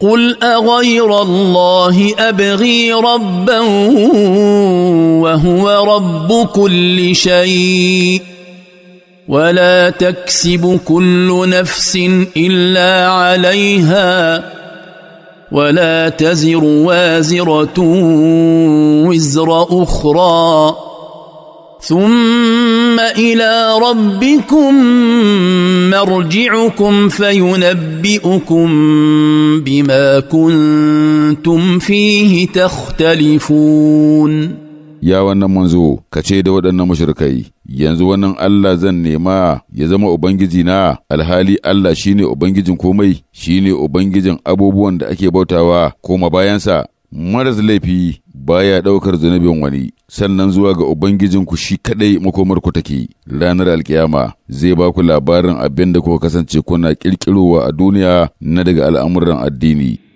قل اغير الله ابغي ربا وهو رب كل شيء ولا تكسب كل نفس الا عليها ولا تزر وازره وزر اخرى ثم ثم الى ربكم مرجعكم فينبئكم بما كنتم فيه تختلفون ya wannan manzo ka ce da waɗannan mushrikai yanzu wannan Allah zan nema ya zama ubangiji na alhali Allah shine ubangijin komai shine ubangijin abubuwan da ake bautawa koma bayansa maras laifi baya ɗaukar zunubin wani sannan zuwa ga Ubangijinku shi kaɗai makomarku take ranar alkiyama zai ba ku labarin abin da kuka kasance kuna ƙirƙirowa a duniya na daga al'amuran addini.